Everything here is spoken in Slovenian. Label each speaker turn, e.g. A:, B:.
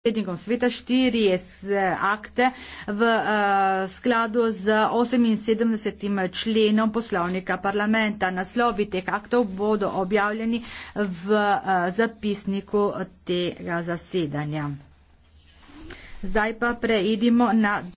A: predsednikom sveta štiri akte v eh, skladu z 78. členom poslovnika parlamenta. Naslovi teh aktov bodo objavljeni v eh, zapisniku tega zasedanja. Zdaj pa preidimo na.